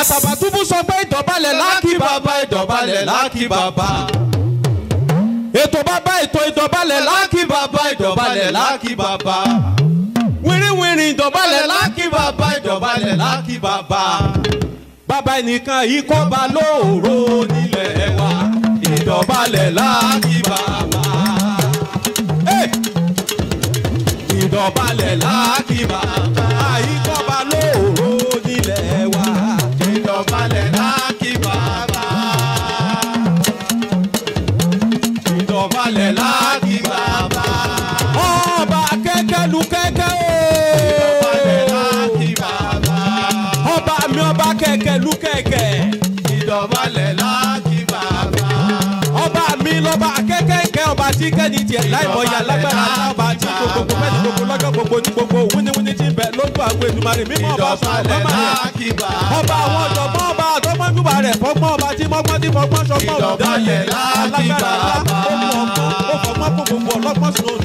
àtàbàtúbú sọ pé ìdọ̀bálẹ̀ láàkì bàbá ìdọ̀bálẹ̀ láàkì bàbá. ètò bàbá ètò ìdọ̀bálẹ̀ láàkì bàbá ìdọ̀bálẹ̀ láàkì bàbá. wíríwíri ìdọ̀bálẹ̀ láàkì bàbá ìdọ̀bálẹ̀ láàkì bàbá. bàbá ẹnìkan yìí kọ́ ba lóòró nílẹ̀ wa ìdọ̀bálẹ̀ láàkì bàbá. ìdọ̀bálẹ̀ láàkì bàbá. lọ́ba akẹ́kẹ́kẹ́ ọba tí kẹ́ni tiẹ̀ láìmọ̀yà lágbára lába tí gbogbo fẹ́ni gbogbo lọ́jọ́ gbogbo ní gbogbo wíníwíní tí ń bẹ lójú àgbo Èdùmàrè mímọ́ ọba sọ̀rọ̀ ọba àwọn ọ̀jọ̀gbọ́n ọba àtọ́gbọ́n jùbà rẹ̀ fọ́gbọ́n ọba tí mọ́gbọ́n tí fọ́gbọ́n sọgbọ́n ọ̀dọ́ yẹn lágbára ọ̀pọ̀lọpọ̀ ọ̀pọ̀lọpọ̀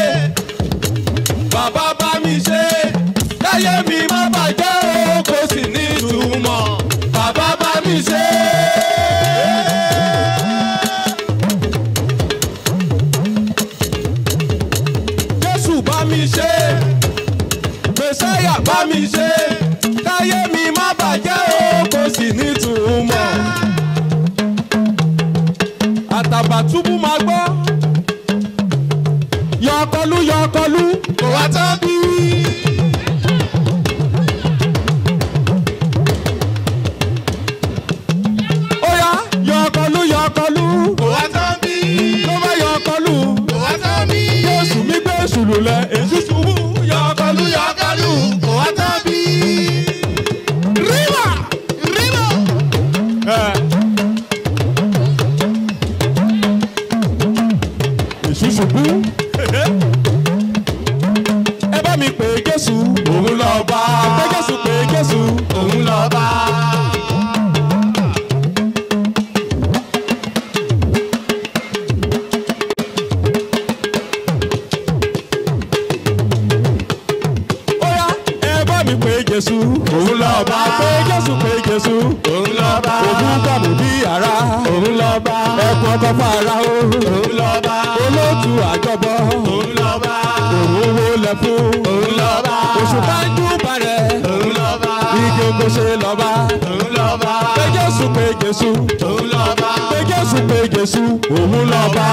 Jésù òun lọ́ba pé Jésù pé Jésù òun lọ́ba òun gbàmù bí ara òun lọ́ba ẹkùn ọkọ fara o òun lọ́ba olóòtú àjọbọ òun lọ́ba òun wo lẹ fún òun lọ́ba oṣù kanjú balẹ̀ òun lọ́ba igi ogo ṣe lọ́ba òun lọ́ba pé Jésù pé Jésù òun lọ́ba pé Jésù pé Jésù òun lọ́ba.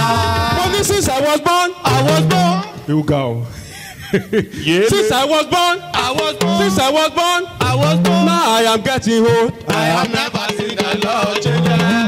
Moses I was born. I was born. You go. yeah, Since I was born, I was born. Since I was born, I was born. Now I am getting old. I have never seen the Lord change.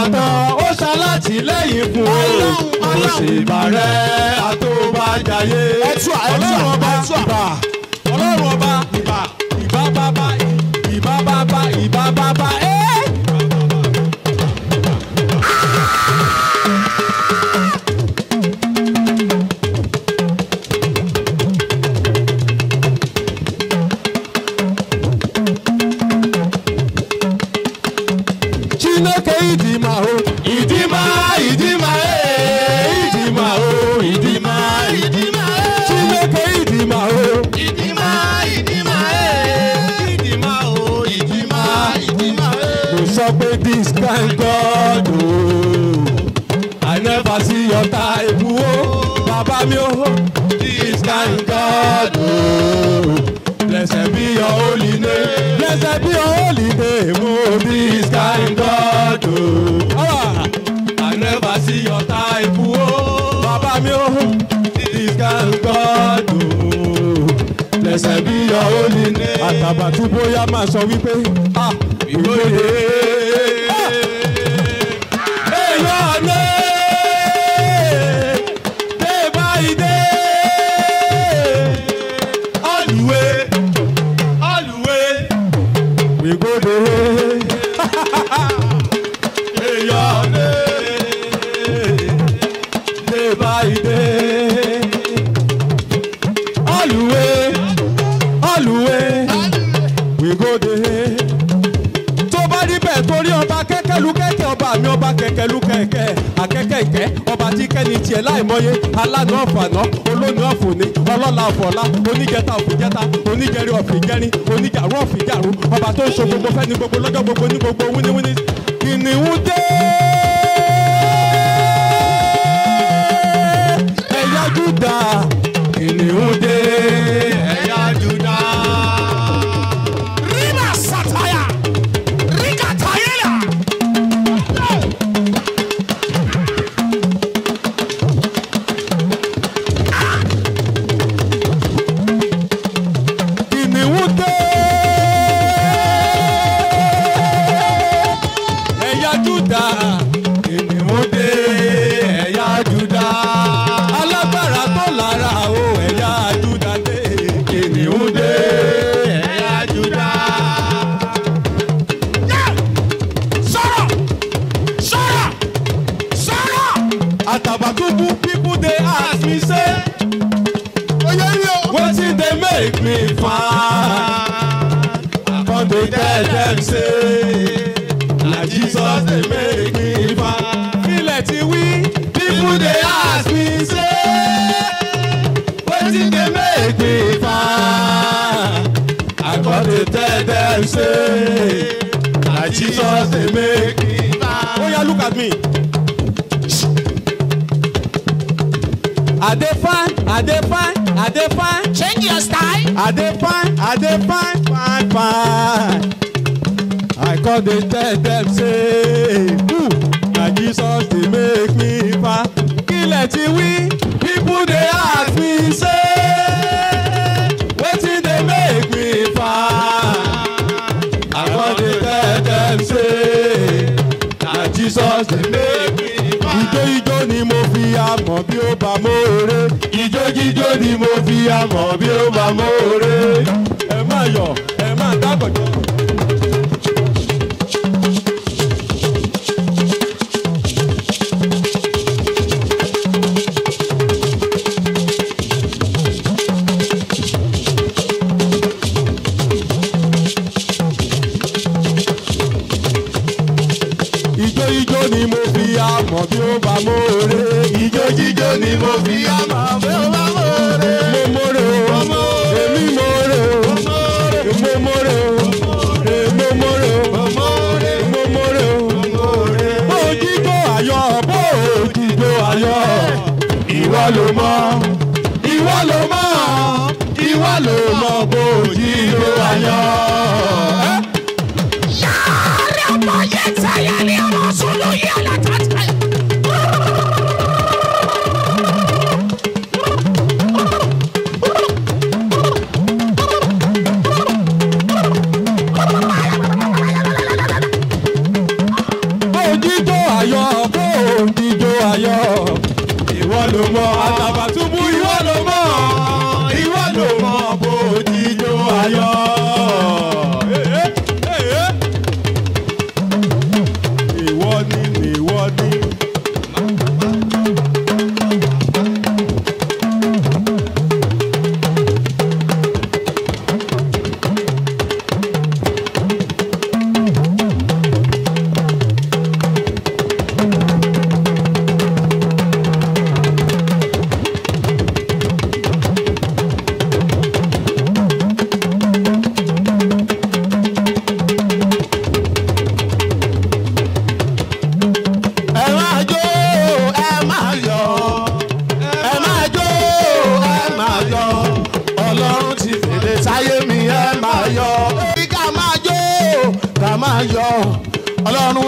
àtàn ó ṣalátìlẹ́yìn fún o kò sì bàrẹ́ àtòbájáyé ọlọ́run bá bá. sọ pé this kind God ooo oh. I never see your type ooo oh. bàbá mi ooo oh, this kind God ooo blessed be your holy name blessed be your holy name ooo this kind God ooo I never see your type ooo bàbá mi ooo this kind God ooo blessed be your holy name àtàbàtúbóyá máa sọ wípé ah ìwé yẹn. by day. Always, always, we go there. Tó bá rí bẹ́ẹ̀ torí ọba kẹ́kẹ́ lu kẹ́kẹ́ ọba mi ọba kẹ̀kẹ́ lu kẹ̀kẹ́ akẹ́kẹ́ ìkẹ́ ọba tí kẹ́ni tiẹ̀ láìmọye aláàánú ọ̀fàná olóòní ọ̀fòní ọlọ́lá ọ̀fọ̀lá oníjẹta ọ̀fìjẹta oníjẹrin ọ̀fìjẹrin oníjàrú ọ̀fìjàrú ọba tó ń so gbogbo fẹ́ni gbogbo lọ́jọ́ gbogbo ní gbogbo wíníwíní kìnìún dé. àdúgbà kìnìún dé. Matupu people dey ask me say, oh, wetin dey make me fine? I come dey tell dem say, na Jesus dey make me fine. Ilẹ̀ ti wí, people dey ask me say, wetin dey make me fine? I come dey tell dem say, na Jesus dey make me fine. Oya oh, look at me. I dey fine, I dey fine, I dey fine. Change your style. I dey fine, I dey fine, fine, fine. I come dey tell dem say, ooh, na Jesus dey make me fine. Kílẹ̀ ti wí, people dey ask me say, wetin dey make me fine? I come dey tell dem say, na Jesus dey make me fine. Ìjó ìjó ni mo fi àmọ̀ bí ó bá mọ́ ni mo fi amọ̀ bí ó máa mọ́ ore. ẹ má yọ̀ ẹ má dákọ̀jọ́.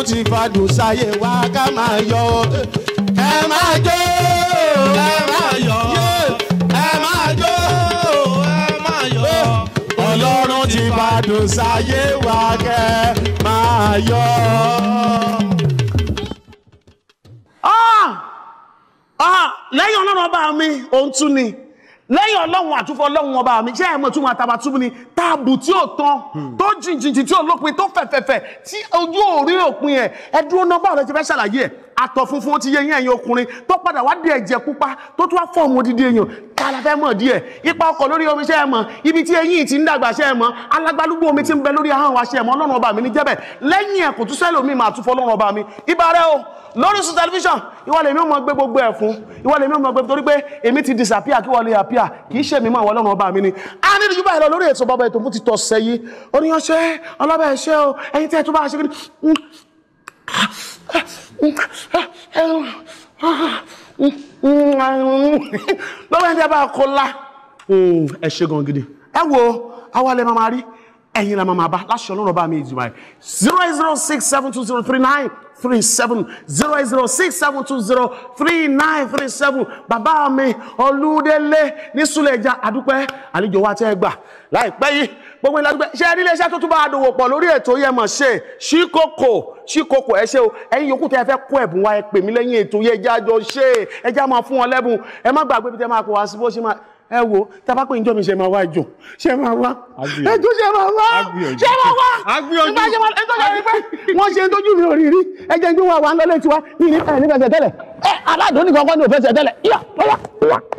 ẹkún ti fàdùn sáyé wa ká máa yọ ẹ máa jó ẹ máa yọ ẹ máa jó ẹ máa yọ ọlọ́run ti fàdùn sáyé wa kẹ máa yọ. Ah! Ah! lẹ́yìn ọlọ́run ọba mi òun tún ni lẹ́yìn ọlọ́run àtúfọ́ ọlọ́run ọba mi ṣé ẹ̀mọ́ tún wọn àtàbàtúbù ni táàbù tí ò tán hmm. tó jìnjìnjì tí ò lópin tó fẹ̀fẹ̀fẹ̀ tí ojú òrí òpin ẹ̀ ẹ̀dúró náà báwo lẹ ti fẹ́ ṣàlàyé ẹ̀ àtọ̀ funfun ó ti yé yín ẹ̀yin ọkùnrin tó padà wá di ẹ̀jẹ̀ pupa tó tún wá fọ́ odidi èèyàn ipa la fẹ́ mọ̀ díẹ̀ ipa ọkọ̀ lórí omi ṣe é mọ̀ ibi tí eyín ti ń dàgbà ṣe é mọ̀ alágbálúgbó omi ti ń bẹ lórí ahọ́n wa ṣe é mọ̀ ọlọ́run ọba mi ní jẹ́bẹ̀ lẹ́yìn ẹ̀kọ́ tún sẹ́lò mi máa tún fọ́ ọlọ́run ọba mi ibà rẹ o lórí sun tẹlifíṣàn ìwọ lèmi ò mọ gbé gbogbo ẹ̀ fún ìwọ lèmi ò mọ gbé torí pé èmi ti disappear kí wọ́n lè appear kì í ṣe mi mọ́ àwọn ọlọ́run ọba mi ni a ní ìdíjú báyìí lọ lórí ètò bàbá ètò fún ti tọ̀ sẹ́yìn oníyanṣẹ́ ọlọ́bà ẹ̀ṣẹ́ o ẹ̀yin tí ẹ̀ tún bá ṣe kí ni. lọ́wọ́ ẹni tí a bá kọ́ lá hmm, ẹ ṣe gan gidi ẹ wo awalẹ̀ máa rí ẹ̀yin la máa bá láṣọ ọlọ́run ọba mi ìjùmọ̀ ẹ̀ zero eight zero six seven two zero three nine three seven zero eight zero six seven two zero three nine three seven bàbá mi Olúdélé ní Súlẹ̀jà àdúpẹ́ àlejò wa tẹ́ ẹ gbà láìpẹ́ yìí gbogbo ìlànà ìgbẹ́ ṣé ilé iṣẹ́ tó tún bá a dòwò pọ̀ lórí ètò yẹ mọ̀ ṣe ṣíkòkò ṣíkòkò ẹ ṣe o ẹ̀yin yòókù tẹ́ ẹ fẹ́ kó ẹ̀bùn wa ẹ pè mí lẹ́yìn ètò yẹ ẹjá jọ ṣe ẹjá máa fún wọn lẹ́bùn ẹ má gbàgbé bí tẹ́ máa kó wa sí bó ṣe máa ẹ wo tábà pé njọ́ mi ṣe máa wá ẹjọ́ ṣe máa wá ẹjọ́ ṣe máa wá ṣe máa wá nígbà ṣe máa ẹjọ́ ṣe pé wọ́n ṣe tójú mi ò rí rí ẹjẹ́ gbé wa wà ń lọ létí wa ní ní ẹ̀ nífẹ̀ẹ́ tẹ́lẹ̀ ẹ̀ aládùn nìkan kọ́ ni ò fẹ́ yíyá